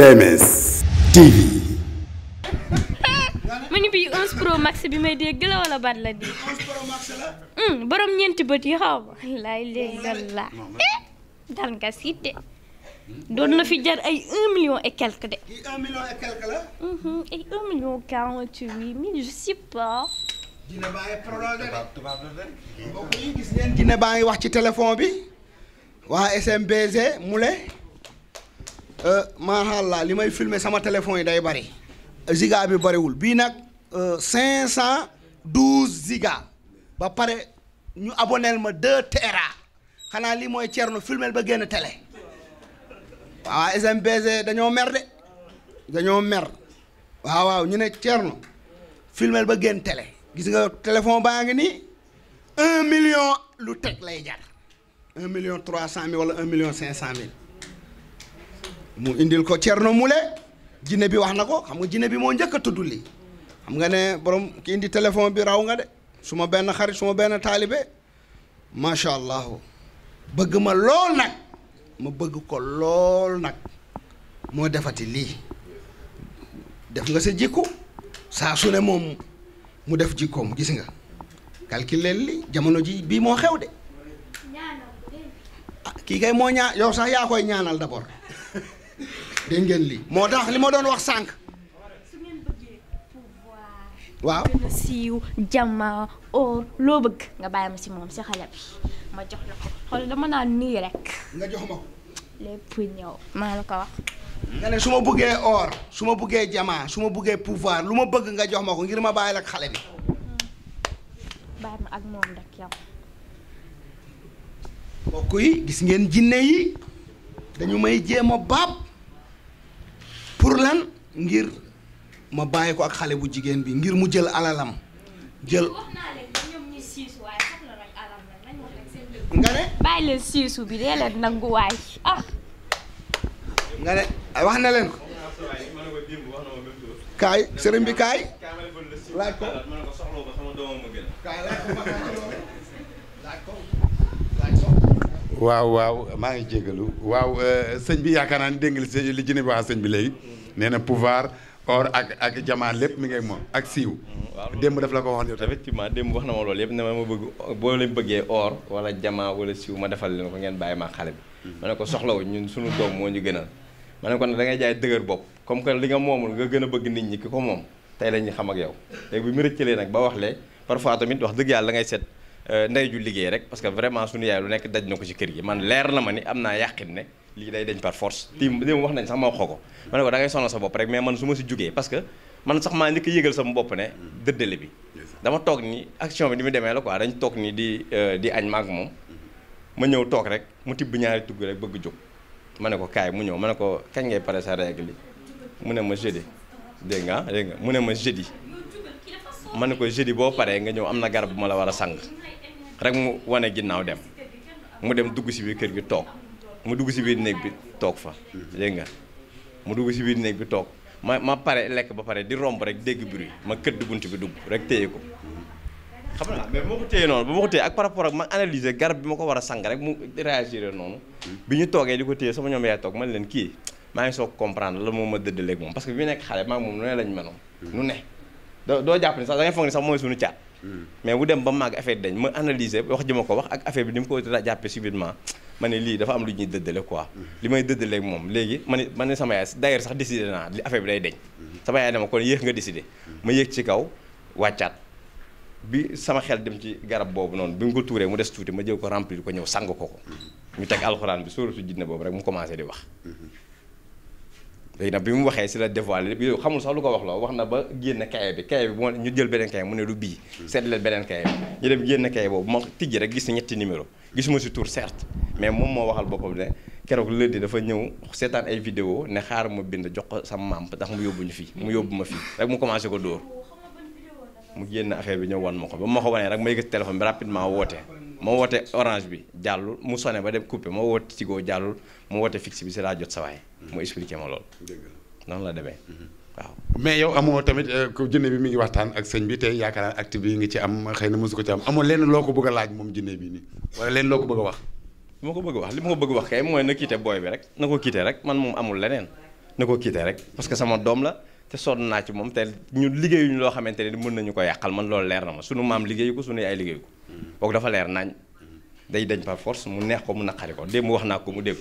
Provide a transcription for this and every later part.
TMS TV. ma ni bii 11 pro max bi may dégg la wala ban la di. 11 hmm, ñeenti bët yi xaw ma. dal la eh, dal nga si de. doon na fi jar ay 1 million et quelque de. 1 million mhm, ay 1 million 48 mille je sais pas. dina dina baa ngi wax ci téléphone bi waa SMBG Moulé. Euh, macha li may filmer sama téléphone yi day bari giga bi bariwul bii nag euh, cinq cent douze giga ba pare ñu aboneel ma deux tera xanaa lii mooy Thierno filmel ba génn télé waaw SMBG dañoo mer de dañoo mer waaw waaw ñu ne Thierno filmel ba génn télé gis nga téléphone baa ngi nii un million lu teg lay jar un million trois cent mille wala cinq cent mille mu indil ko mu Moule jinne bi wax na ko xam nga jinne bi moo njëkk a tudd lii xam nga ne borom ki indi téléphone bi raw nga de su ma benn xarit su ma benn taalibe macha allah bëgg ma lool nag ma bëgg ko lool nag moo defati lii def nga sa jikku saa su ne moom mu def jikkoom gis nga calculer li jamono ji bii moo xew de ah kii kay moo ñaa yow sax yaa koy ñaanal d'abord dégg li moo tax li ma doon wax sànq. waaw gën a siiw jàmma or loo bëgg nga bàyyi ma si moom si xale bi ma jox la ko xool dama naan nii rek. nga jox ma ko. lépp ñëw maa la ko wax. nga ne su ma bëggee or su ma bëggee jama su ma bëggee pouvoir lu ma bëgg nga jox ma ko ngir ma bàyyi la xale bi. Mm. bàyyi ak moom rek yow. mbokk yi gis ngeen jinne yi dañu may jéem baab. pour lan ngir ma bàyyi ko ak xale bu jigéen bi ngir mu jël alalam jël. nga ne. bàyyi leen siisu bi dee leen nanguwaay ah. nga ne wax na leen ko. kaay sëriñ bi kaay laaj ko. waaw waaw maa ngi jégalu waaw euh, sëñ bi yaakaar naa ne dégg nga li ci ne wax sëñ bi léegi nee na pouvoir or ak ak jamaa lépp mi ngay moom ak siiw. démb daf la ko waxoon effectivement démb wax na ma loolu yëpp ne ma bëgg boo leen or wala jamaa wala siiw ma defal leen ko ngeen bàyyi ma xale bi. Hmm. ma ne ko soxlawu ñun suñu doom moo ñu gënal ma ne ko nag da ngay jaay dëgër bopp comme que li nga moomul nga gën a bëgg nit ñi ki ko moom tey la ñuy xam ak yow léegi bi mu rëccalee nag ba wax lee parfois tamit wax dëgg yàlla da ngay set Euh, ndey ju liggéey rek parce que vraiment suñu yaay lu nekk daj na ko ci kër gi man leer na ma ni am naa yàqin ne lii day dañ par force ti li wax nañ sax ma wax ko ma ne ko da ngay sonal sa bopp rek mais man su ma si jógee parce que man sax maa njëkk ko yëgal sama bopp ne dëddale bi dama toog ni action bi ni mu demee la quoi dañ toog ni di euh, di añ maag moom ma ñëw toog rek mu tibb ñaari tugg rek bëgg jóg ma ne ko kaay mu ñëw ma ne ko kañ ngay pare mu ne ma jeudi dégg nga mu ne ma jeudi ma ne ko jeudi boo paree nga ñëw am na garab bu ma la war a sang rek mu wane ginnaaw dem mu dem dugg si biir kër gi toog mu dugg si biir néeg bi toog fa dégg nga mu dugg si biir néeg bi toog ma ma pare lekk ba pare di romb rek dégg bruit ma këdd bunt bi dugg rek téye ko xam nga mais moo ko téye noonu ba ma ko téye ak par bi ma ko war a sang mu réagir noonu bi ñu toogee di ko téye sama ñoom yaay toog man leen kii maa ngi soog comprendre la moom ma dëddaleeg moom parce que bi nekk xale maa moom nu ne lañ mënoon nu ne doo jàpp ni sax da ngay ni sax mooy suñu caat mais bu dem ba màgg affaire dañ ma analyser wax ji ma ko wax ak affaire bi ni mu ko jàppee subitement ma ne lii dafa am lu ñuy dëddale ko li may dëddaleeg moom léegi ma ne ma ne sama yaay d'ailleurs sax décidé naa li affaire bi day deñ sama yaay dama kon yéex nga décidé. ma yéeg ci kaw wàccaat bi sama xel dem ci garab boobu noonu bi mu ko tuuree mu des tuuti ma jël ko remplir ko ñëw sang ko ko. ñu teg alxuraan bi sóoratu jinne boobu rek mu commencé di wax. léegi nag bi mu waxee si la dévoilé bi xamul sax lu ko wax loo wax na ba génn kaye bi kaye bi bu ñu jël beneen kaye mu ne du bii seet leen beneen kaye bi ñu dem génn kaye boobu ma tijji rek gis ñetti numéro gisuma si tour certes mais moom moo waxal boppam ne keroog lëddi dafa ñëw seetaan ay vidéo ne xaar ma bind jox ko sama maam ndax mu yóbbu ñu fii mu yóbbu ma fi rek mu commencé ko dóor mu génn affaire bi ñëw wan ma ko ba ma ko wanee rek ma yëkkati téléphone woote ma woote bi jàllul mu sonné ba dem coupé ma woote Tigo jàllul ma woote fixe bi laa jot sa mu expliqué ma lool. noonu la demee. Mhm. waaw mais yow amoo tamit euh, ku jinne bi mu ngi waxtaan ak sëñ bi te yaakaar naa acte bi nga ci am xëy na mosu ko ci am amoo lenn loo ko bëgg laaj moom jinne bi nii wala lenn loo ko bëgg a wax. li ma ko bëgg wax li ma ko bëgg mooy na kiite booy bi rek na ko kiite rek man moom amul leneen na ko kiite rek parce que sama doom la te sonn naa ci moom te ñu liggéeyuñu loo xamante ne mën nañu ko yàqal man loolu leer na ma sunu maam liggéeyu ko sunu yaay liggéeyu ko. boog mhm. dafa leer nañ day dañ par force mu neex ko mu naqari ko démb wax naa ko mu dégg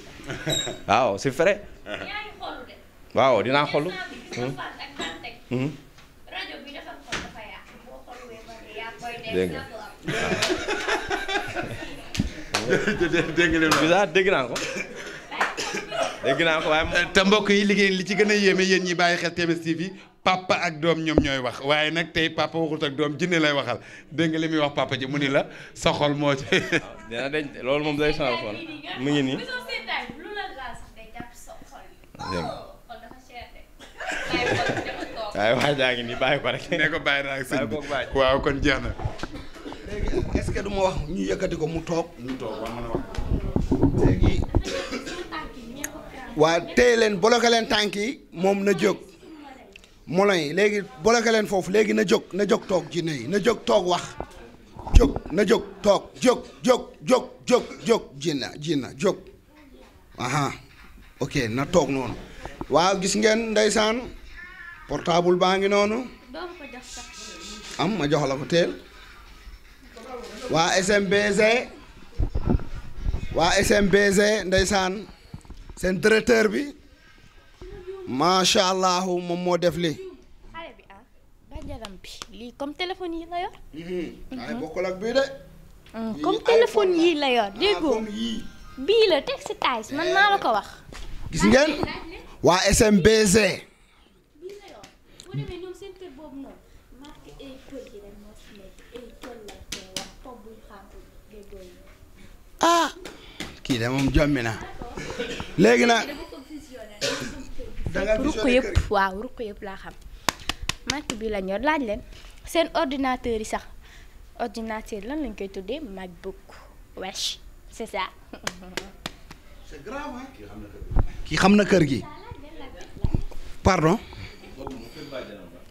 waaw dinaa xool. Hmm. Hmm. dégg nga dégg naa ko. dégg naa ko waaye. te mbokk yi liggéey li ci gën a yéeme yéen ñi bàyyi xel TMS TV papa ak doom ñoom ñooy wax waaye nag tey papa waxut ak doom jinne lay waxal dégg nga li muy wax papa ji mu ni la sa xol moo ci. dina denc loolu moom day sonal xol mu ngi nii. waaye jaa ngi nii bàyyi ko rek. ne ko bàyyi naa ak sëñ waaw kon jeex na. léegi est que du ma wax ñu yëkkati ko mu toog. mu toog waaw mën a leen bloqué moom na jóg. moulin yi léegi bloqué leen foofu léegi na jóg na jóg toog jinne yi na jóg toog wax jóg na jóg toog jóg jóg jóg jóg jóg jinna jinna jóg aha ok na toog noonu waa gis ngeen ndeysaan portable baa ngi noonu am ma jox la ko teel waa SMBG waa SMBG ndeysaan seen directeur bi macha allah moom moo def li ah, comme téléphone yi la yor. Mhm. Mhm. ay bokkul ak ah, comme téléphone yii la yor ah, déggoo bii la teg man maa la ko wax. gis ngeen waa SMBZ. ah kii de moom jommi na léegi nag. ruq yépp waaw ruq yëpp laa xam Macky bi la ñor laaj leen seen ordinateur yi sax ordinateur lan lañ koy tuddee Macbook wesh c'est ça. c'est kii xam na kër gi. pardon.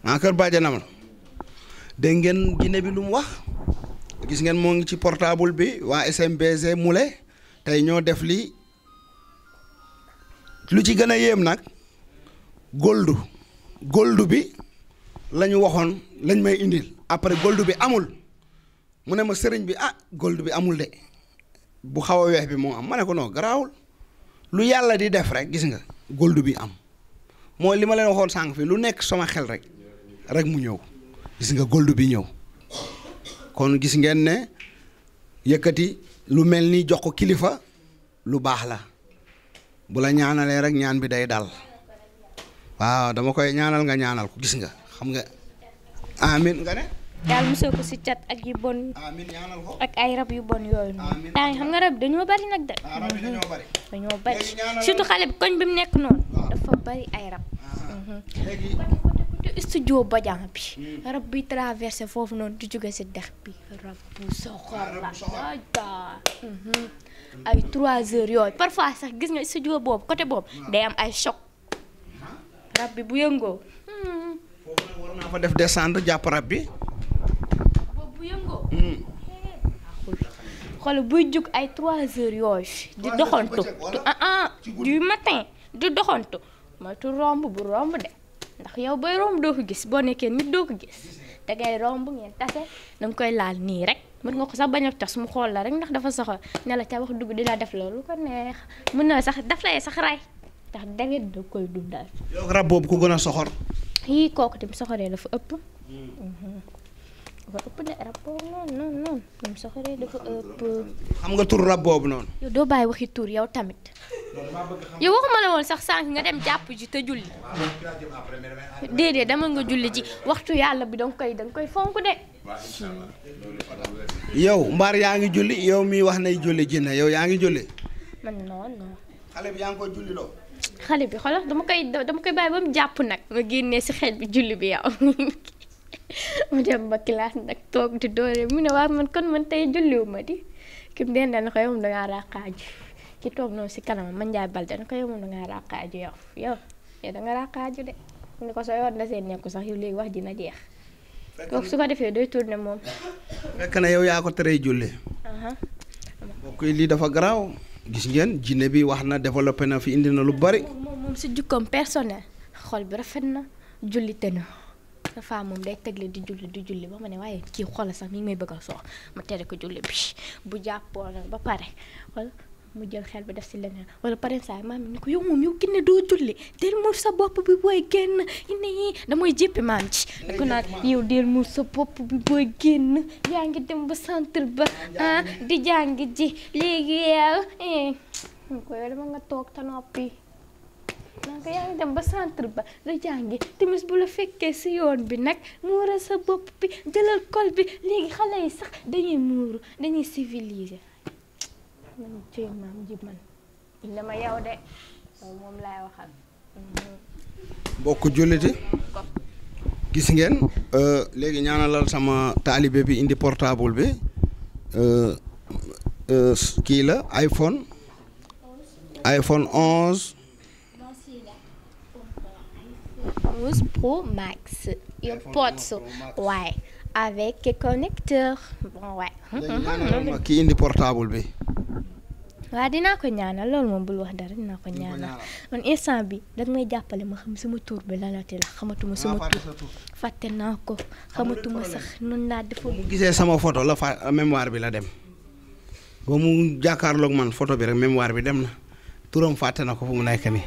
ah kër bàjjanam la. dégg ngeen Guinée bi lu mu wax. gis ngeen moo ngi ci portable bi waa SMBC Moulé tey ñoo def lii lu ci gën a yéem nag. goldu goldu bi la ñu waxoon lañ may indil après goldu bi amul mu ne ma sëriñ bi ah goldu bi amul de bu xaw a weex bi moo am ma ne ko non garaawul lu yàlla di def rek gis nga goldu bi am mooy li ma leen waxoon sànq fi lu nekk sama xel rek rek mu ñëw gis nga goldu bi ñëw kon gis ngeen ne yëkkati lu mel ni jox ko kilifa lu baax la bu la ñaanalee rek ñaan bi day dal waaw dama koy ñaanal nga ñaanal ko gis nga xam nga amin nga ne. yàlla musal ko si cat ak yu bon. ak ay rab yu bon yooyu. amiin temps yi xam nga rab dañoo bari nag de. Ah, rab yi dañoo bari. dañoo xale bi koñ bi mu nekk noonu. dafa bari ay rab. Ah. Mhm. léegi. Hmm. bi. traversé foofu noonu di jóge si dex bi. rab bu ah, ay 3 mhm. heures yooyu parfois sax gis nga studio boobu côté boobu hmm. day am ay choc. rab bi bu yëngoo. Hmm. foofu nag def descendre jàpp rab bi. boobu hmm. xool buy jug ay 3 heures yooyu. di doxantu ah, ah du matin di doxantu moytu romb bu romb de ndax yaw bay romb doo ko gis boo nekkee nit doo ko gis da romb ngeen tase da koy laal nii rek. mën nga ko sax bañ a tas mu xool la rek ndax dafa soxal ne la ca wax dugg di laa def loolu ko neex mën na sax daf lay sax rey. ndax deret da koy dundal. yow rab boobu ku gën a soxor. yii kooku tamit soxoree dafa ëpp. Hmm. dafa ëpp de rab boobu noonu noonu noonu soxoree dafa ëpp. xam nga tur rab boobu noonu. yow doo bàyyi waxi tur yow tamit. yow waxuma jàpp ji te julli. nga julli waxtu yàlla bi danga koy danga koy fonk de. mbaar yaa ngi julli yow mi wax nay julli ji na yow yaa ngi julli. man non non. xale bi xoolal dama koy dama koy bàyyi ba mu jàpp nag ma génnee si xel bi julli bi yow mu dem ba classe nag toog di doore mu ne waaw man kon man tey julliwu ma di ki mu dendal na ko yow moom dangaa ràqaaju ki toog noonu si kanam man Njaay Balde na ko yow moom dangaa ràqaaju yow yow yow danga ràqaaju de mu ne ko soo yoon na seen nekku sax yow léegi wax dina jeex kooku su ko defee doy tourné moom fekk na yow yaa ko teree julli mbokk yi lii dafa garaaw gis ngeen jinne bi wax na développé na fi indi na lu bari. moom moom si jukkoom personnel xol bi rafet na jullite na dafa moom day tegle di julli di julli ba ma ne waaye ci xol sax mi ngi may bëgg a soox ma tere ko julli bi bu jàppoon ba pare wala mu jël xel bi def si leneen wala parent saa maam ni ko yow moom yow ginne doo julli del muur sa bopp bi booy génn ginne damooy jéppi maam ci di ko naan yow sa bopp bi booy génn yaa ngi dem ba centre ba ah di jàng ji léegi yow eh. nga toog te noppi donc dem ba centre ba la jàngi timis bu la fekkee si yoon bi nag muural sa bopp bi jëlal kol bi léegi xale yi sax dañuy muur dañuy civiliser bokk cee julliti gis ngeen euh, léegi ñaanalal sama taalibe bi indi portable bi euh, euh, kii la iPhone iPhone 11 Pro Max AirPods waaye avec connecteur bon indi portable bi. waa dinaa ko ñaanal loolu moom bul wax dara dinaa ko ñaanal man instant bi danga may jàppale ma xam sama tur bi lanati la xamatuma sama tur fàtte naa ko xamatuma sax noonu laa defoon bu gisee sama photo la fa mémoire bi la dem ba mu jàkkaarloog man photo bi rek mémoire bi dem na turam fàtte na ko fu mu nekk nii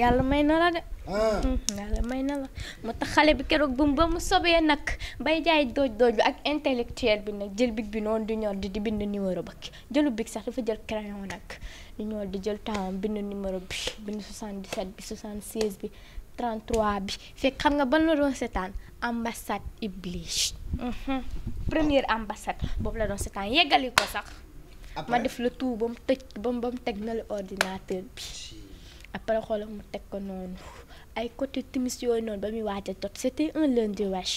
yàlla may na de yàlla may na la moo tax xale bi keroog bu ba mu sobee nag bay jaay dooj dooj bi ak intellectuel bi nag jël big bi noonu di ñor di di bind numéro ba jëlu big sax dafa jël crayon nag di ñor di jël temps bind numéro bi bind 77 bi 76 bi 33 bi fekk xam nga ban la doon seetaan ambassade Iblis mhm. première ambassade boobu la doon seetaan yeggali ko sax ma def le tout ba mu tëj ba mu teg nal ordinateur bi après xoolal mu teg ko noonu ay côté timis yooyu noonu ba muy waaj a jot c'était un lundi wesh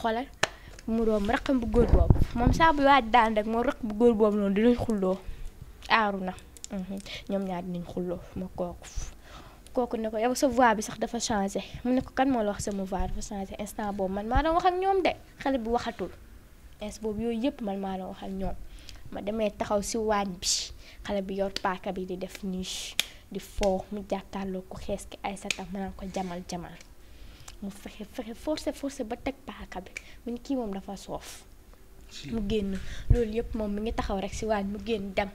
xoolal mu doom raqam bu góor boobu moom saa bu daan rek moo raq bu góor boobu noonu dinañ xulloo aaru na mhm. ñoom ñaar dinañ xuloo ma kooku kooku ne ko yow sa voix bi sax dafa changé mu ne ko kan moo la wax sama voix dafa changé instant boobu man maa doon wax ak ñoom de xale bi waxatul instant boobu yooyu yëpp man maa doon wax ak ñoom ma demee taxaw si waañ bi xale bi yor paaka bi di def nii di foo mu jàkkaarloo ku xees ki Aysata mu naan ko jamal jamal mu fexe fexe forcé forcé ba teg paaka bi mu ne kii moom dafa soof mu génn loolu yëpp moom mu ngi taxaw rek si waañ mu génn dem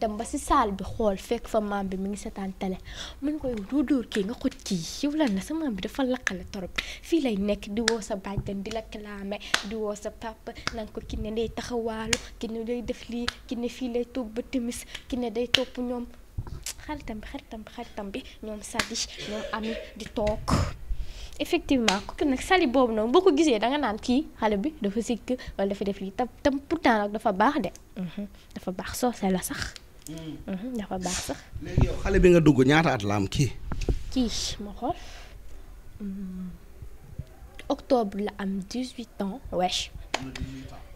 dem ba si saal bi xool fekk fa maam bi mu ngi setaan télé mun ko yow doo dóor kii nga xoj kii yow lan la sa maam bi dafa lakkale torop fii lay nekk diwoo sa bàjjen di la clame di woo sa papa naan ko ki ne day taxawaalu ki ne day def lii ki ne fii lay toog ba timis ki ne day topp ñoom xaritam bi xaritam bi xaritam bi ñoom toog effectivement kooku nag sali boobu noonu boo ko gisee da naan kii xale bi dafa sikk wala dafa def lii tam dafa baax de. Mhm, dafa baax soose la sax. Mm. Mhm, dafa baax sax. léegi bi nga dugg ñaata at la am kii. kii ma xool mm. octobre la am 18 ans wesh.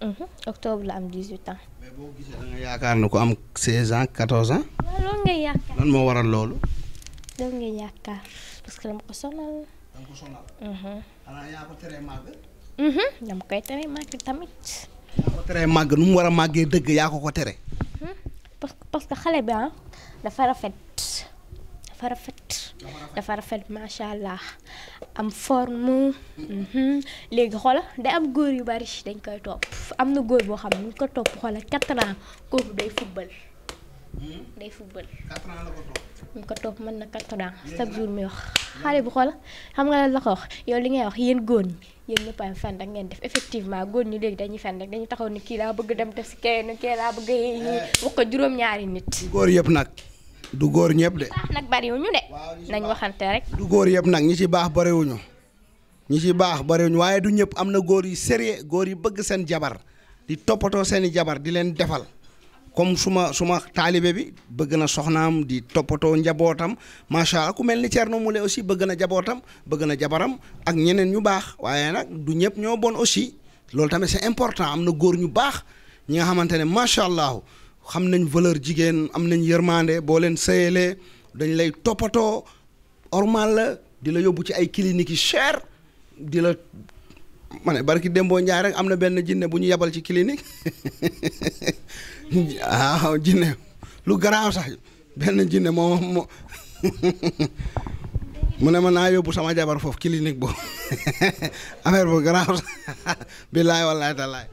Mhm. octobre la am 18 ans. mais boo gisee da yaakaar ne ko am 16 ans 14 ans. waaw loolu ngay yaakaar. lan moo waral loolu. loolu ngay yaakaar parce que dama ko sonal. Mhm. Mhm. dama koy teree màgg tamit. yaa ko teree màgg nu mu war a màggee dëgg yaa ko ko tere. parce que xale bi ah dafa rafet. rafet dafa rafet macha allah am forme mhm. léegi xoola de am góor yu bari dañ koy topp am na góor boo xam ne ñu ko topp xoola quatre ans kooku day football day football ñu ko topp mën na quatre ans chaque jour muy wax xale bu xoola xam nga lan la ko wax yow li ngay wax yéen góor ñi yéen ñëpp am fen rek ngeen def effectivement góor ñi léegi dañuy fen rek dañuy taxaw ni kii laa bëgg dem def si kenn kii laa bëgg eh. wax ko juróom-ñaari nit góor yëpp nag du góor ñëpp de. baax nag bariwuñu de. nañ waxante rek. du góor yëpp nag ñi ci baax bariwuñu ñi ci baax bariwuñu waaye du ñëpp am na góor yu sérieux góor yu bëgg seen jabar di toppatoo seen i jabar di leen defal comme suma suma taalibe bi bëgg na soxnaam di toppatoo njabootam macha allah ku mel ni mu Moule aussi bëgg na jabootam bëgg na jabaram ak ñeneen ñu baax waaye nag du ñëpp ñoo bon aussi loolu tamit c'est important am na góor ñu baax ñi nga xamante ne macha allah. xam nañ valeur jigéen am nañ yërmande boo leen sëyalee dañ lay toppatoo normal la di la yóbbu ci ay cliniques yi cher di la ma ne barki Dembo Ndiaye rek am na benn jinne bu ñu yebal ci clinique waaw ah, jinne lu garaaw sax benn jinne moo mu ne ma naa yóbbu sama jabar foofu clinique boobu affaire bu garaaw sax billaay wallaay talaay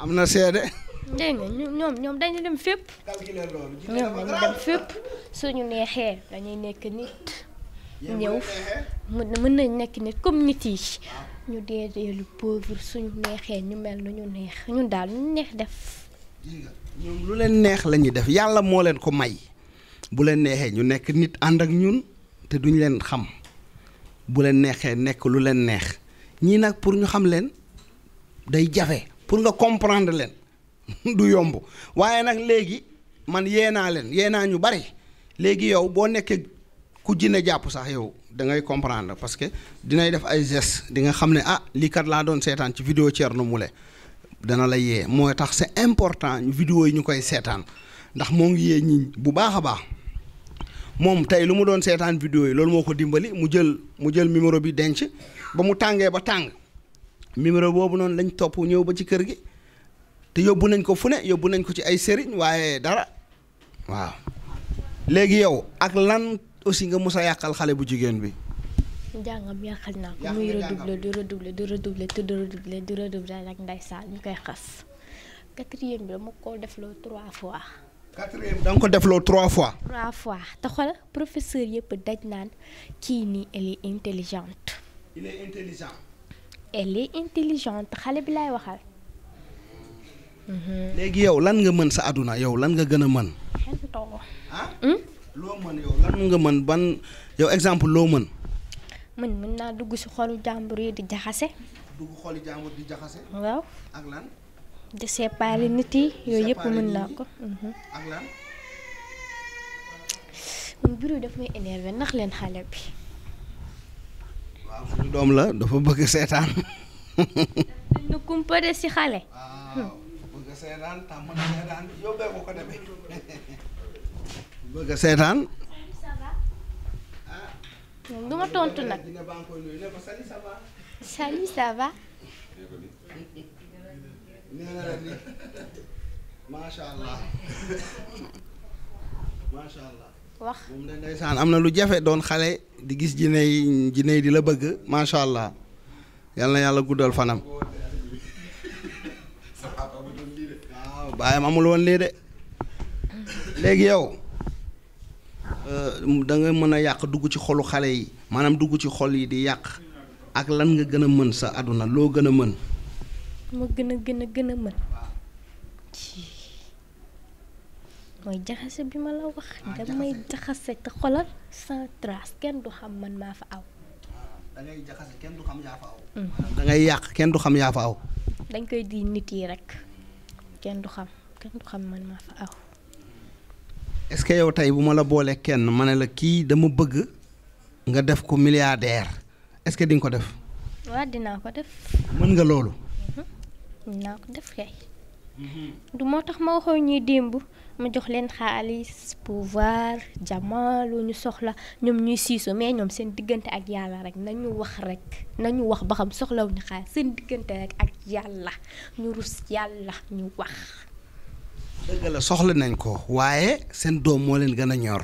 am na seede dégg nga ñoom ñoom dañu dem fépp. ñoom dañu dem fépp suñu neexee dañuy nekk nit. ñëw mën mën nañ nekk nit comme nit yi ñu dee dee lu neexee ñu mel nu ñu neex ñun daal ñu neex def. lu leen neex la ñuy def yàlla moo leen ko may bu leen neexee ñu nekk nit ànd ak ñun te duñ leen xam bu leen neexee nekk lu leen neex ñii nag pour ñu xam leen day jafe pour nga comprendre leen. du yomb waaye nag léegi man yee naa leen yee naa ñu bari léegi yow boo nekkee ku jinne jàpp sax yow da ngay comprendre parce que dinay def ay gestes di nga xam ne ah lii kat laa doon seetaan ci video vidéo Thierno Moule dana la yee moo tax c'est important vidéo yi ñu koy seetaan ndax moo ngi yee ñi bu baax a baax moom tey lu mu doon seetaan vidéo yi loolu moo ko dimbali mu jël mu jël numéro bi denc ba mu tàngee ba tàng numéro boobu noonu lañ topp ñëw ba ci kër gi. te yóbbu nañ ko fu yóbbu nañ ko ci ay sëriñ waaye dara waaw léegi yow ak lan aussi nga mosa yàqal xale bu jigéen bi. njàngam yàqal naa ko muy redoubler di redoubler di redoubler te di redoubler di redoubler ak ndeysaan ñu koy xas quatrième bi dama ko defloo trois fois. quatrième defloo trois fois. trois fois te xool professeur yëpp daj naan ci nii elle est intelligente. intelligent. xale bi laay waxal. léegi yow lan nga mën sa àdduna yow lan nga gën a mën. Ah? Hmm? lan nga mën ban yow exemple loo mën. mën mën naa dugg si xolu jàmbur yi di jaxase. dugg xolu jàmbur di jaxase. waaw ak lan. di nit yi yooyu yëpp mën naa ko. Hmm. ak lan. man biir énervé ndax leen xale bi. suñu doom la dafa bëgg seetaan. na kumpa de si xale. seetaan tàmm seetaan yóbbee a seetaan tontu nag salut wax am na lu jafe doon xale di gis jiney yi di la bëgg macha allah yàlla guddal fanam baayam amul woon lii de léegi yow euh, da nga mën a yàq dugg ci xolu xale yi maanaam dugg ci xol yi di yàq ak lan nga gën a mën sa àdduna loo gën a mën. ma gën a gën a gën a mën. mooy jaxase bi ma la wax ah, damay jaxase te xolal sans kenn du xam man maa fa aw. Ah, da kenn du xam yaa mm. yàq kenn du xam yaa fa aw. dañ koy di nit yi rek. kenn du xam kenn du xam man maa fa aw. est-ce que yow tey bu ma la boolee kenn ma ne la kii dama bëgg nga def ko milliardaire est-ce que di ko def. waaw dinaa ko def. mën nga loolu. Mhm. dinaa ko def kay. Mm-hmm. du moo tax ma waxoon ñuy démb ma jox leen xaalis pouvoir jamono ñu soxla ñoom ñuy siiso mais ñoom seen diggante ak yàlla rek nañu wax rek nañu wax ba xam soxlawuñu xaalis seen diggante rek ak yàlla ñu rus yàlla ñu wax. dëgg soxla nañ ko waaye seen doom moo leen gën a ñor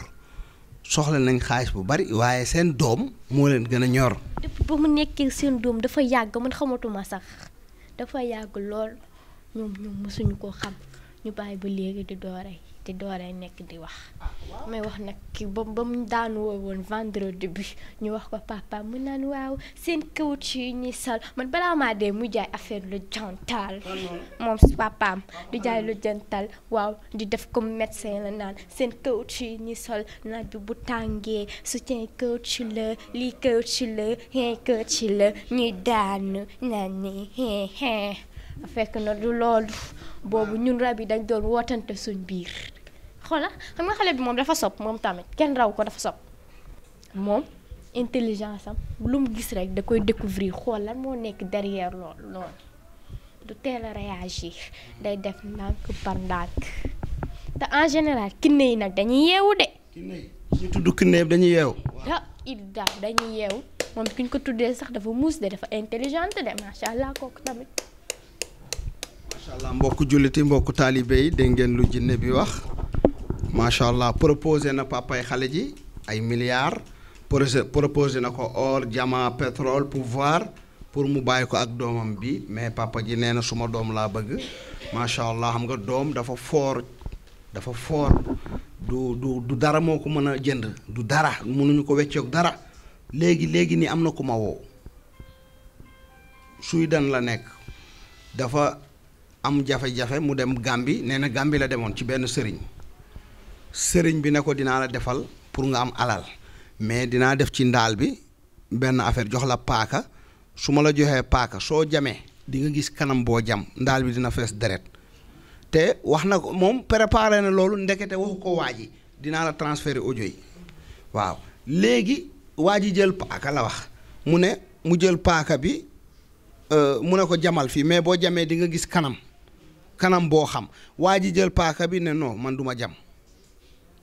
soxla nañ xaalis bu bari waaye seen doom moo leen gën a ñor. depuis ba mu nekkee seen doom dafa yàgg man xamatuma sax dafa yàgg lool. ñoom ñoom mosuñu ko xam ñu bàyyi bu léegi di doore di doore nekk di wax may wax nag kii ba ba mu daan woo woon vendredi bi ñu wax ko papa mu naan waaw seen kawut yi ñuy affaire lu jantal moom si papaam lu jantal waaw di def comme la seen kawut yi ñuy sol naaj bi bu tàngee soutien kawut si la lii kawut ci la ñuy daanu naan ni hen fekk na du loolu boobu ñun rab yi dañ doon wootante suñ biir xoola xam nga xale bi moom dafa sob moom tamit kenn raw ko dafa sob moom intelligence am lu mu gis rek da koy découvrir xool lan moo nekk derrière loolu noonu du teel a réagir day def ndànk par ndànk te en général kinne yi nag dañuy yeewu de. kinne yi ñu tudd kinne yi dañuy yeewu. ah il daal dañuy yeewu moom ki ko tuddee sax dafa muus de dafa intelligente de macha allah kooku tamit. macha mbokku julliti mbokku taalibe yi dégg ngeen lu jinne bi wax macha allah proposé na papay xale ji ay milliards proposé na ko or diamant pétrole pouvoir pour mu bàyyi ko ak doomam bi mais papa ji nee na suma doom laa bëgg macha allah xam nga doom dafa foor dafa foor du du du dara moo ko mën a jënd du dara mënuñu ko weccoog dara léegi léegi nii am na ku ma woo suy dan la nekk dafa am jafe-jafe mu dem Gàmbi nee na Gàmbi la demoon ci benn sëriñ sëriñ bi ne ko dinaa la defal pour nga am alal mais dinaa def ci ndaal bi benn affaire jox la paaka su ma la joxee paaka soo jamee di nga gis kanam boo jam ndaal bi dina fees deret te wax na ko moom préparé na loolu ndekete waxu ko waa ji dinaa la transférer audio yi waaw léegi waa ji jël paaka la wax mu ne mu jël paaka bi euh, mu ne ko jamal fii mais boo jamee di nga gis kanam kanam boo xam waa ji jël paaka bi ne non man duma jam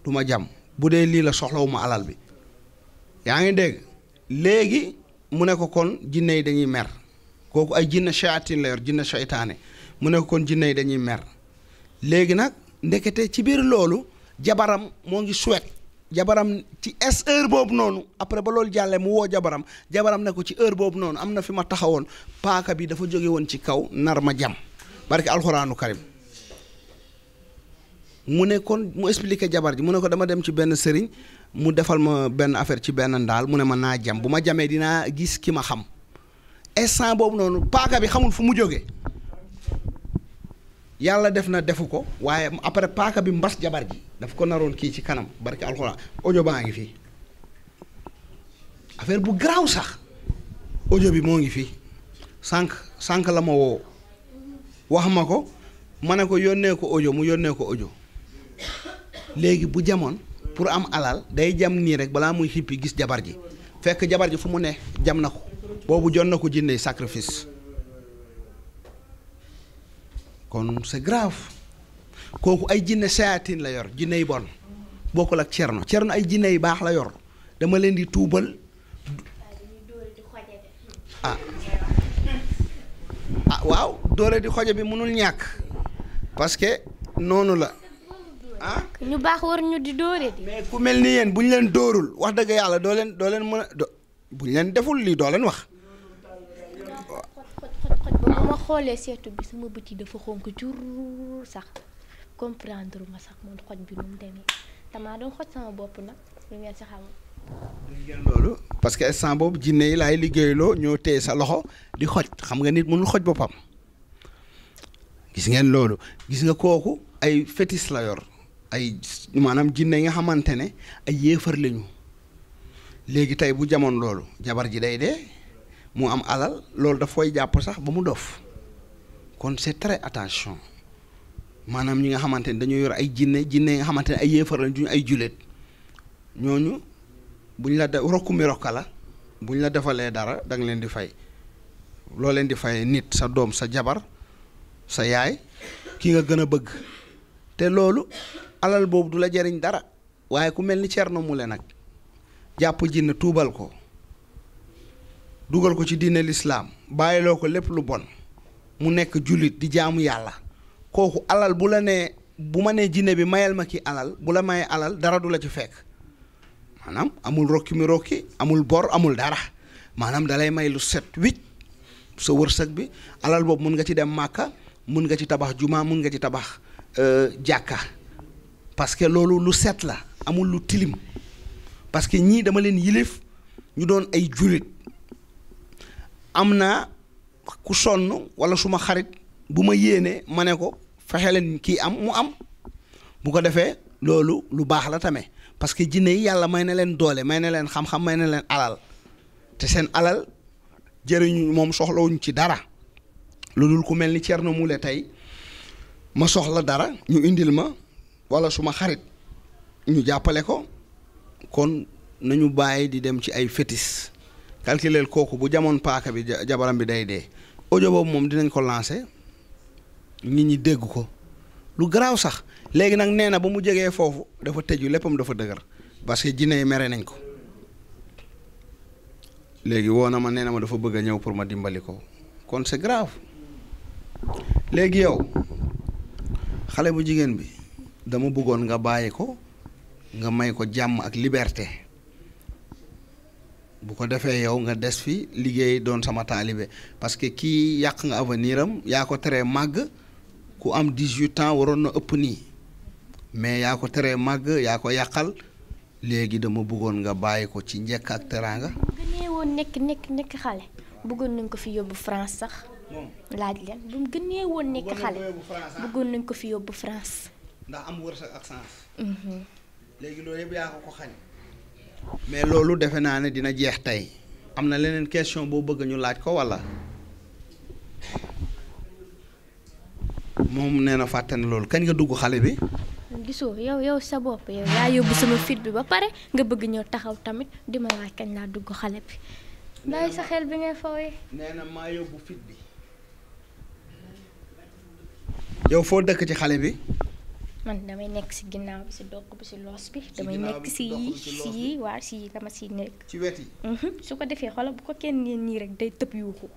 duma ma jam bu dee lii la soxlawuma alal bi yaa ngi dégg léegi mu ne ko kon jinne yi dañuy mer kooku ay jinne shayatin la yor jinne shaytaane mu ne ko kon jinne yi dañuy mer léegi nag ndekete ci biir loolu jabaram moo ngi suwet jabaram ci es heure boobu noonu après ba loolu jàllee mu woo jabaram jabaram ne ko ci heure boobu noonu am na fi ma taxawoon paaka bi dafa jóge woon ci kaw nar ma jam barki alxuraanu karim mu ne kon mu explique jabar ji mu ne ko dama dem ci benn sëriñ mu defal ma benn affaire ci benn ndaal mu ne ma naa jam bu ma jamee dinaa gis ki ma xam instant boobu noonu paaka bi xamul fu mu jóge yàlla def na defu ko waaye après paaka bi mbas jabar ji daf ko naroon kii ci kanam barki alxuraan ojo baa ngi fii affaire bu garaaw sax audio bi moo ngi fii sànq sànq la ma woo wax ma ko ma ne ko yónnee ko audio mu yónnee ko audio léegi bu jamoon pour am alal day jam nii rek balaa muy xippi gis jabar ji fekk jabar ji fu mu ne jam na ko boobu jot na ko jinne sacrifice kon c'est grave kooku ay jinne sayaatin la yor jinne yi bon bokkul ak cerno cerno ay jinne yu baax la yor dama leen di tuubal ah ah waaw doole di xojo bi mënul ñàkk parce que noonu la ah. ñu baax war ñu di doore mais ku mel ni yéen bu ñu leen dóorul wax dëgg yàlla doo leen doo leen mën a do bu ñu leen deful lii doo leen wax. ba ma xoolee seetu bi sama bët yi dafa xonk jur sax comprendre ma sax man xoj bi nu mu demee damaa doon xoj sama bopp nag lu ngeen si xamul. loolu parce que instant boobu jinne yi laay liggéeyloo ñoo téye sa loxo di xoj xam nga nit mënul xoj boppam gis ngeen loolu gis nga kooku ay fétis la yor ay maanaam jinne yi nga xamante ne ay yéefar lañu léegi tey bu jamoon loolu jabar ji day dee mu am alal loolu daf koy jàpp sax ba mu dof kon c'est très attention maanaam ñi nga xamante ne dañoo yor ay jinne jinne yi nga xamante ne ay yéefar lañu duñu ay jullit ñooñu bu ñu la def rokku mi rokka la bu ñu la defalee dara da leen di fay loo leen di fay nit sa doom sa jabar sa yaay ki nga gën a bëgg te loolu alal boobu du la jariñ dara waaye ku mel ni Thierno Moule nag jàpp jinne tuubal ko dugal ko ci diine lislaam bàyyiloo ko lépp lu bon mu nekk jullit di jaamu yàlla kooku alal bu la nee bu ma nee jinne bi mayal ma ki alal bu la mayee alal dara du la ci fekk maanaam amul rokki mi rokki amul bor amul dara maanaam dalay may lu set wicc sa wërsëg bi alal boobu mun nga ci dem màkka mun nga ci tabax jumaa mun nga ci tabax euh, jàkka parce que loolu lu set la amul lu tilim parce que ñii dama leen yilif ñu doon ay jullit am na ku sonn wala suma xarit bu ma yéenee ma ne ko fexe leen kii am mu am bu ko defee loolu lu baax la tame parce que jinne yi yàlla may na leen doole may na leen xam-xam may na leen alal te seen alal jëriñu moom soxlawuñ ci dara lu dul ku mel ni Thierno Moule tey ma soxla dara ñu indil ma wala suma xarit ñu jàppale ko kon nañu bàyyi di dem ci ay fétis calculer kooku bu jamoon paaka bi jabaram bi day dee ojo boobu moom dinañ ko lancer nit ñi dégg ko lu garaaw sax léegi nag nee na ba mu jegee foofu dafa tëju léppam dafa dëgër parce que jinne yi mere nañ ko léegi woo na ma nee na ma dafa bëgg a ñëw pour ma dimbali ko kon c'est grave léegi yow xale bu jigéen bi dama bëggoon nga bàyyi ko nga may ko jàmm ak liberté bu ko defee yow nga des fi liggéey doon sama taalibe parce que kii yàq nga avenir am yaa ko teree màgg ku am dix-huit ans waroon na ëpp nii mais yaa ko teree màgg yaa ko yàqal léegi dama bëggoon nga bàyyi ko ci njekk ak teraanga. gënee woon nekk nekk nekk xale. bëggoon nañ ko fi yóbbu France bu mu gënee nañ ko fi yóbbu France. ndax am wërsëg ak sens. Mhm. loolu mais loolu defe naa ne dina jeex tey. am na leneen question boo bëgg ñu laaj ko walla. moom nee na fàtte loolu kañ nga dugg xale bi. gisoo yow yow sa bopp yow yaa yóbbu sama fit bi ba pare nga bëgg ñëw taxaw tamit di ma laaj kañ laa dugg xale bi. bàyyi sa xel bi ngay fawee. nee na maa yóbbu fit bi. yow foo dëkk ci xale bi. man damay nekk ci ginnaaw bi si dogg bi si loos bi. damay nekk si yii si yii waa ci wet yi. Mhm. su ko defee xoolal bu ko kenn nii rek day tëb yuuxu.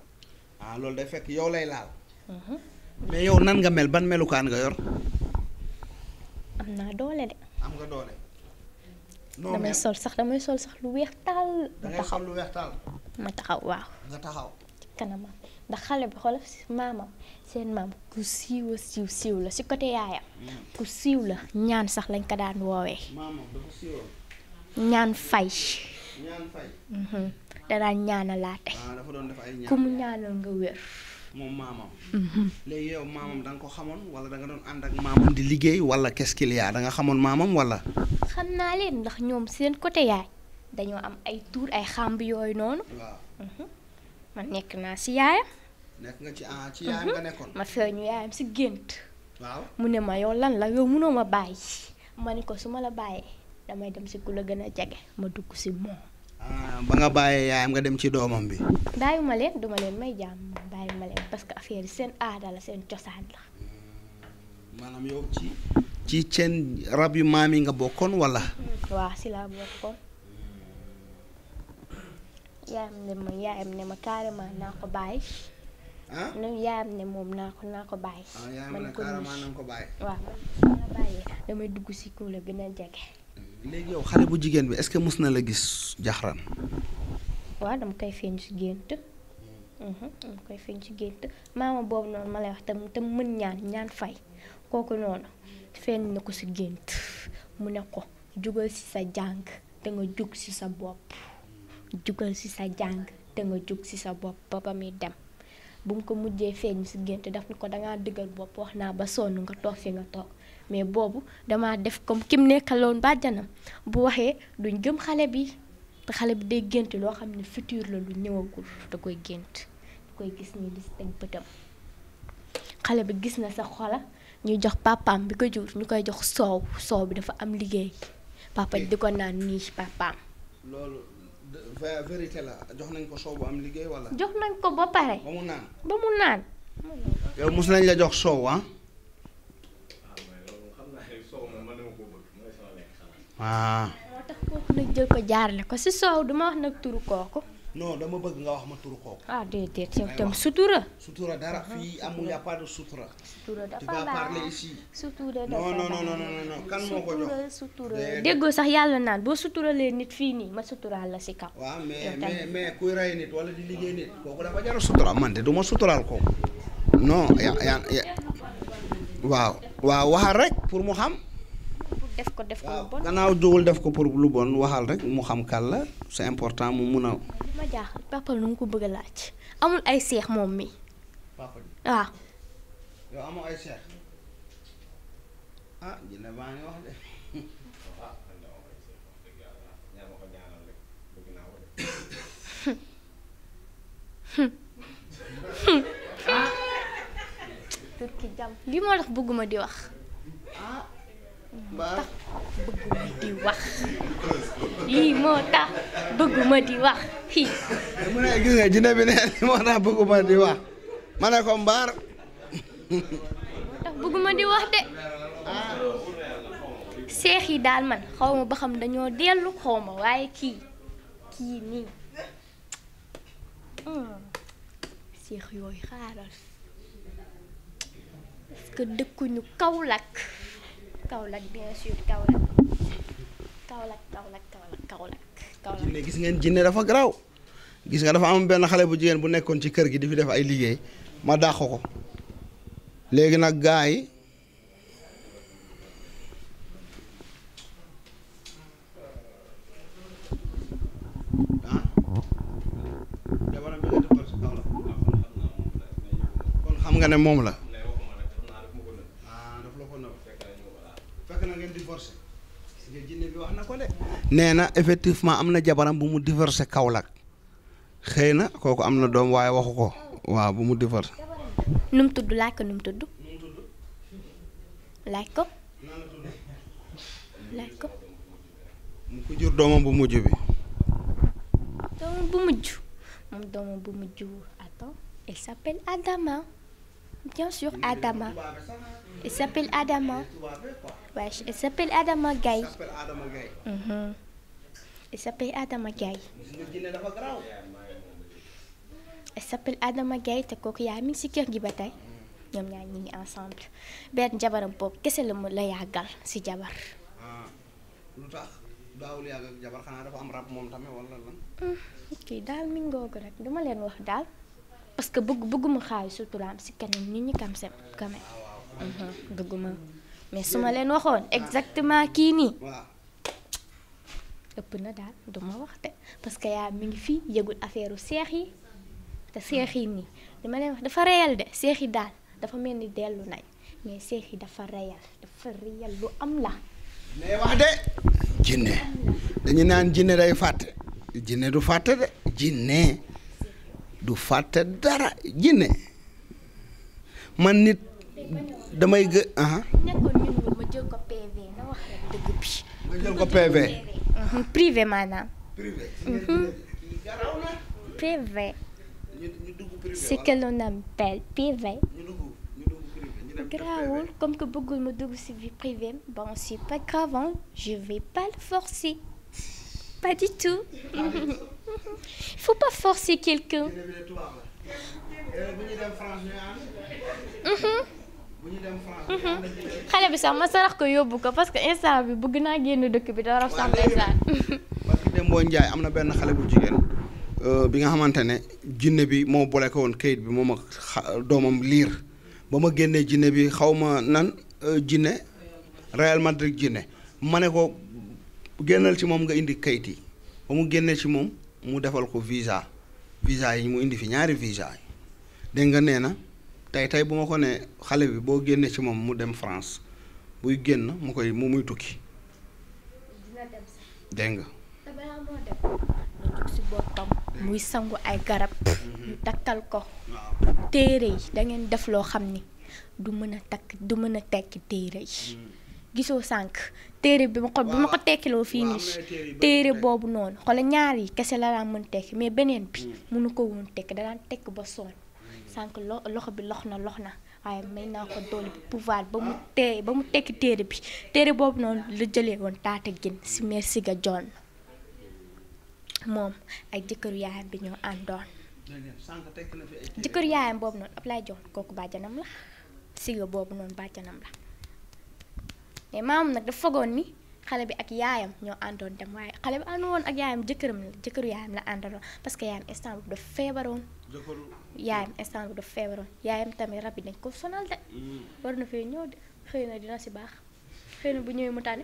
Ah, loolu day fekk yow lay laal. Mhm. mais yow nan nga mel ban melukaan nga yor. am naa doole de. am nga doole. damay sol sax damay sol sax lu weex taal. da ngay ma taxaw waaw. nga taxaw. kanamam ndax xale bi xoolal maamam seen maam ku siiw a siiw siiw la si côté yaayam. Mm. ku siiw la ñaan sax lañ ko daan woowee. maamam dafa ñaan fay. Mhm. danaa ñaanalaate. Ah, ku mu ñaanal nga wér. moom maamam. Mhm. léegi yow maamam da nga ko xamoon wala da nga doon ànd ak maamam di liggéey wala qu'est-ce danga xamoon maamam wala. xam naa leen ndax ñoom seen côté yaay dañoo am ay tuur ay xàmb yooyu noonu. waaw. Mhm. nekk naa si yaayam. nekk nga ci ah ci yaayam mhm. nekkoon. ma feeñu yaayam si gént. waaw mu ne ma yow lan la yow munoo ma bàyyi ma ne ko su ma la bàyyee damay dem si ku la gën a jege ma dugg si moom. Ah, ba nga bàyyee yaayam nga dem ci doomam bi. daayu leen duma leen may jàmm. parce que affaire yi seen aada la seen cosaan la. maanaam yow ci. ci seen rab yu maam yi nga bokkoon wala. Hmm, waaw si laa bokkoon. yaayam ne ma yaayam naa ko bàyyi. ah yaayam ne moom naa ko naa ko bàyyi. Ah, ma ne ko bàyyi. damay dugg si kuréel gën jege. xale bu jigéen bi est que mës na la gis jaxran. waaw dama koy feeñ si gént. mu koy feeñ ci gént maama boobu noonu ma lay wax tam te mën ñaan ñaan fay kooku noonu feeñ na ko si gént mu ne ko jugal si sa jàng te nga jug si sa bopp si sa jàng te nga jug si sa bopp ba ba muy dem bu mu ko mujjee feeñ si gént daf ni ko dangaa dëggal bopp wax naa ba sonn nga toog fi nga toog mais boobu dama def comme kim nekkaloon bàjjanam bu waxee duñ gëm xale bi te xale bi day gént loo xam ne futur la lu ñëwagul da koy gént koy gis nii di si teg bëtam xale bi gis na sa xola ñuy jox papaam bi ko jur ñu koy jox soow soow bi dafa am liggéey papa di ko naan loolu vérité la jox nañ ko soow bu am liggéey wala. jox nañ ko ba ba mu naan ba mu naan. yow mos nañ la jox soow ah. ah nag jël ko jaarale ko si soow duma wax bëgg nga wax ma turu kooku. ah déedéet yow tam sutura. sutura dara ah, fii a pas de sutura. sutura dafa baax tu vas parler ici. sax yàlla naan boo nit fii nii ma suturaal la si kaw. waaw mais mais mais kuy rey nit wala di liggéey nit kooku dafa jar sutura man de du suturaal kooku. non ya ya waaw waaw waxal rek pour mu xam. def ko def ko lu bon gannaaw jógul pour lu bon waxal rek mu xam kan la c'est important mu mun a. li ma jaaxal papa nu mu ko bëgg a laaj amul ay seex moom mi. waaw. Ah, li moo tax bëgguma di wax. tax bëgguma di wax lii moo tax bëgguma di wax mu ne gis nga jinne bi ne moo tax bëgguma di wax ma ne ko mbaar. moo tax bëgguma di wax de. seex yi daal man xaw ma ba xam dañoo dellu xaw ma waaye kii kii nii seex yooyu xaaral parce que dëkkuñu Kaolack. Kaolack bien sûr gis ngeen jinne dafa garaaw gis nga dafa am benn xale bu jigéen bu nekkoon ci kër gi di fi def ay liggéey ma dàq ko léegi nag gaa ah? kon xam nga ne moom la. nee na effectivement am na jabaram bu mu divorcé Kaolack xëy na kooku am na doom waaye waxu ko waaw bu mu divorcé. nu mu tudd laaj ko nu tudd. laaj ko. mu ko jur doomam bu mujj bi. doomam bu mujj moom doomam bu mujj attends il s'appelle Adama. Bien sûr, Adama. Il s'appelle Adama. Wesh, il Adama Gaye. Mhm. Adama Gaye. te kooku yaay mi si kër gi ba tey ñoom ñaar ñi ngi ensemble benn jabaram boobu kese la mu la yàggal si jabar. Ah, lu tax daawul yàgg jabar xanaa dafa am rab moom tamit wala lan. Mm, kii daal mi ngoog rek duma leen wax daal. parce que bëgg bëgguma xaalis surtout am si kanam nit ñi kam sem quand mm-hmm. bëgguma mais su ma leen waxoon exactement kii nii ëpp na daal du wax de parce que yaa mi ngi fii yëgul affaire u seex yi te seex yi nii dama ma leen wax dafa reyal de seex yi daal dafa mel ni dellu nañ mais seex yi dafa reyal dafa reyal lu am la mais wax de jinne dañu naan jinne day fàtte jinne du fàtte de jinne du fàtte dara jinne man nit damay gë ah. ma maanaam. privé. Mhm. c'est que l'on appelle privé. Graoul, comme que bëggul ma dugg ci vie privée bon c'est pas grave je vais pas le forcer pas du tout. il faut pas forcer quelqu'un eh, mm-hmm. mm-hmm. xale bi sax ma sarax ko yóbbu ko parce que instant bi bëgg naa génn dëkk bi dara sax ndeysaan barki Dembo Njaay am na benn xale bu jigéen euh, bi nga xamante ne jinne bi moo boole ko woon kayit bi moom ak doomam liir ba ma génnee jinne bi xaw ma nan euh, jinne Real Madrid jinne ma ne ko génnal ci moom nga indi kayit yi ba mu génnee ci moom mu defal ko visa visa yi mu indi fi ñaari visa yi dégg nga nee na tey tey bu ma ko ne xale bi boo génnee ci moom mu dem France buy génn mu koy mu muy tukki dégg nga ci muy sangu ay garab ñu takkal ko téere yi da ngeen def loo xam ni du mën a takk du mën a tekk téere yi mm. gisoo sànk téere bi ma ko bi ma ko tekkiloo fii nii téere boobu noonu xoolal ñaari kese la daan mën tekki mais beneen bi mënu hmm. ko woon tekki da daan tekk ba sonn sànq lo loxo bi lox na lox na waaye may naa ko doole bi pouvoir ba mu tee ba mu tekki téere bi téere boobu noonu la jëlee woon taata gin si meer siga joon moom ak jëkkëru yaayam bi ñoo àndoon jëkkëru yaayam boobu noonu Ablaye Joon kooku bàjjanam la siga boobu noonu bàjjanam la mais maamam nag dafa fogoon ni xale bi ak yaayam ñoo àndoon dem waaye xale bi ànd woon ak yaayam jëkkëram la jëkkëru yaayam la àndaloon parce que yaayam instant bu dafa feebaroon yaayam instant bu dafa feebaroon yaayam dañ ko sonal mm. de xëy na dina si baax xëy bu ñëwee mu tànn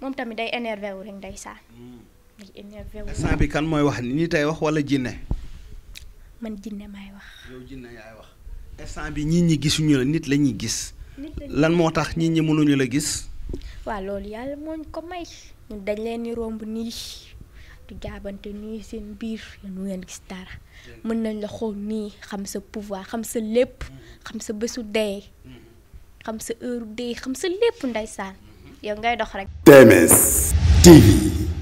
moom tamit day énervé wu rek day saa mm. day énervé bi kan mooy wax ni ñi tey wax wala jinne man jinne maay wax yow jinne yaay wax instant bi nit ñi gisuñu la nit la ñuy gis lan moo tax nit ñi mënuñu la gis. waaw loolu yàlla moo ñu ko may ñun dañ leen di romb nii di jaabante nii seen biir nu ngeen gis dara mën nañ la xool nii xam sa pouvoir xam sa lépp mm-hmm. xam sa bésu dee mm-hmm. xam sa heure dee xam sa lépp ndeysaan mm-hmm. yow ngay dox rek. TMS TV.